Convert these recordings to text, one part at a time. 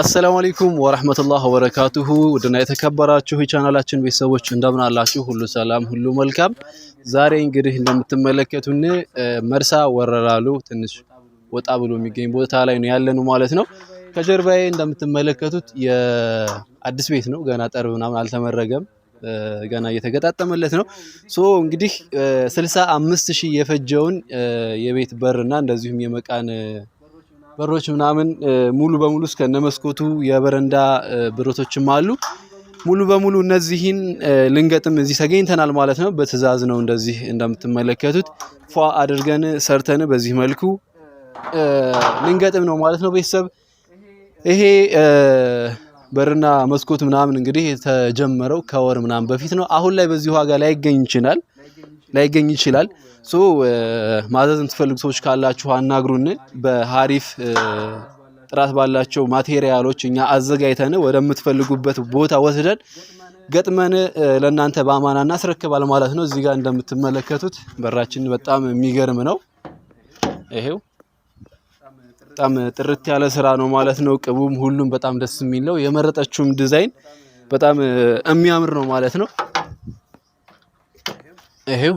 አሰላሙ አለይኩም ወራህመቱላህ ወበረካቱሁ ውድና የተከበራችሁ የቻናላችን ቤተሰቦች እንደምን አላችሁ? ሁሉ ሰላም፣ ሁሉ መልካም። ዛሬ እንግዲህ እንደምትመለከቱን መርሳ ወረራሉ ትንሽ ወጣ ብሎ የሚገኝ ቦታ ላይ ነው ያለነው ማለት ነው። ከጀርባዬ እንደምትመለከቱት የአዲስ ቤት ነው። ገና ጠር ምናምን አልተመረገም። ገና እየተገጣጠመለት ነው። ሶ እንግዲህ ስልሳ አምስት ሺህ የፈጀውን የቤት በርና እንደዚሁም የመቃን በሮች ምናምን ሙሉ በሙሉ እስከነ መስኮቱ የበረንዳ ብረቶችም አሉ። ሙሉ በሙሉ እነዚህን ልንገጥም እዚህ ተገኝተናል ማለት ነው። በትዕዛዝ ነው እንደዚህ እንደምትመለከቱት ፏ አድርገን ሰርተን በዚህ መልኩ ልንገጥም ነው ማለት ነው። ቤተሰብ ይሄ በርና መስኮት ምናምን እንግዲህ የተጀመረው ከወር ምናምን በፊት ነው። አሁን ላይ በዚህ ዋጋ ላይ ይገኝ ይችላል። ላይገኝ ይችላል። ሶ ማዘዝ የምትፈልጉ ሰዎች ካላችሁ አናግሩን። በሀሪፍ ጥራት ባላቸው ማቴሪያሎች እኛ አዘጋጅተን ወደምትፈልጉበት ቦታ ወስደን ገጥመን ለእናንተ በአማና እናስረክባል ማለት ነው። እዚህ ጋር እንደምትመለከቱት በራችን በጣም የሚገርም ነው። ይሄው በጣም ጥርት ያለ ስራ ነው ማለት ነው። ቅቡም ሁሉም በጣም ደስ የሚል ነው። የመረጠችውም ዲዛይን በጣም የሚያምር ነው ማለት ነው። ይሄው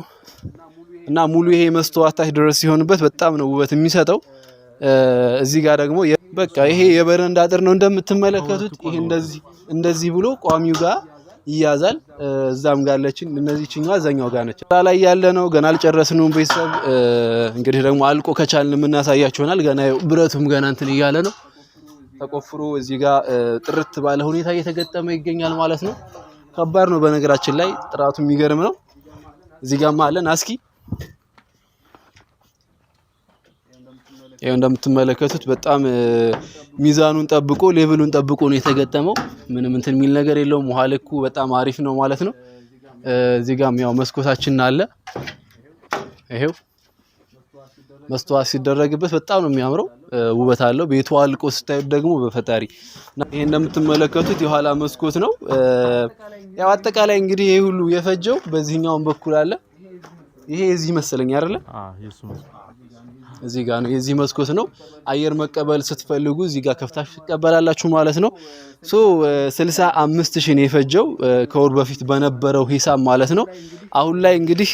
እና ሙሉ ይሄ መስተዋት ታች ድረስ ሲሆንበት በጣም ነው ውበት የሚሰጠው። እዚህ ጋር ደግሞ በቃ ይሄ የበረንዳ አጥር ነው እንደምትመለከቱት። ይሄ እንደዚህ እንደዚህ ብሎ ቋሚው ጋር ይያዛል። እዛም ጋር አለችን እነዚህ ችኛ እዛኛው ጋር ነች። ስራ ላይ ያለ ነው ገና አልጨረስንም። ቤተሰብ እንግዲህ ደግሞ አልቆ ከቻልን የምናሳያችሁ ይሆናል። ገና ብረቱም ገና እንትን እያለ ነው ተቆፍሮ እዚህ ጋር ጥርት ባለ ሁኔታ እየተገጠመ ይገኛል ማለት ነው። ከባድ ነው በነገራችን ላይ ጥራቱ የሚገርም ነው። እዚህ ጋር አለን አስኪ ያው እንደምትመለከቱት በጣም ሚዛኑን ጠብቆ ሌቭሉን ጠብቆ ነው የተገጠመው። ምንም እንትን የሚል ነገር የለውም። ውሃ ልኩ በጣም አሪፍ ነው ማለት ነው። እዚህ ጋም ያው መስኮታችን አለ ይሄው መስተዋት ሲደረግበት በጣም ነው የሚያምረው፣ ውበት አለው። ቤቱ አልቆ ስታዩት ደግሞ በፈጣሪ ይህ እንደምትመለከቱት የኋላ መስኮት ነው። ያው አጠቃላይ እንግዲህ ይህ ሁሉ የፈጀው በዚህኛውን በኩል አለ። ይሄ የዚህ መሰለኝ አይደለ? እዚህ ጋር ነው የዚህ መስኮት ነው። አየር መቀበል ስትፈልጉ እዚህ ጋር ከፍታችሁ ትቀበላላችሁ ማለት ነው። ሶ 65 ሺህ ነው የፈጀው ከወር በፊት በነበረው ሂሳብ ማለት ነው። አሁን ላይ እንግዲህ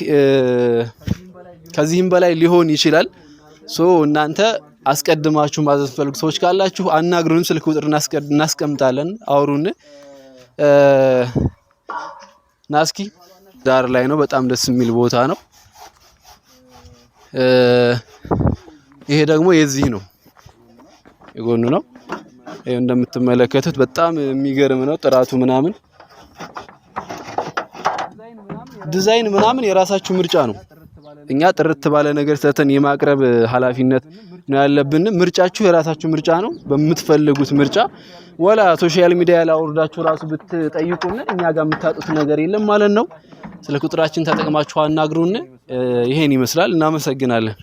ከዚህም በላይ ሊሆን ይችላል። ሶ እናንተ አስቀድማችሁ ማዘዝ ፈልጉ ሰዎች ካላችሁ አናግሩን። ስልክ ቁጥር እናስቀምጣለን። አውሩን። ናስኪ ዳር ላይ ነው። በጣም ደስ የሚል ቦታ ነው። ይሄ ደግሞ የዚህ ነው፣ የጎኑ ነው። ይሄ እንደምትመለከቱት በጣም የሚገርም ነው ጥራቱ ምናምን ዲዛይን ምናምን የራሳችሁ ምርጫ ነው። እኛ ጥርት ባለ ነገር ሰርተን የማቅረብ ኃላፊነት ነው ያለብን። ምርጫችሁ የራሳችሁ ምርጫ ነው። በምትፈልጉት ምርጫ ወላ ሶሻል ሚዲያ ላወርዳችሁ ራሱ ብትጠይቁን እኛ ጋር የምታጡት ነገር የለም ማለት ነው። ስለ ቁጥራችን ተጠቅማችሁ አናግሩን። ይሄን ይመስላል። እናመሰግናለን።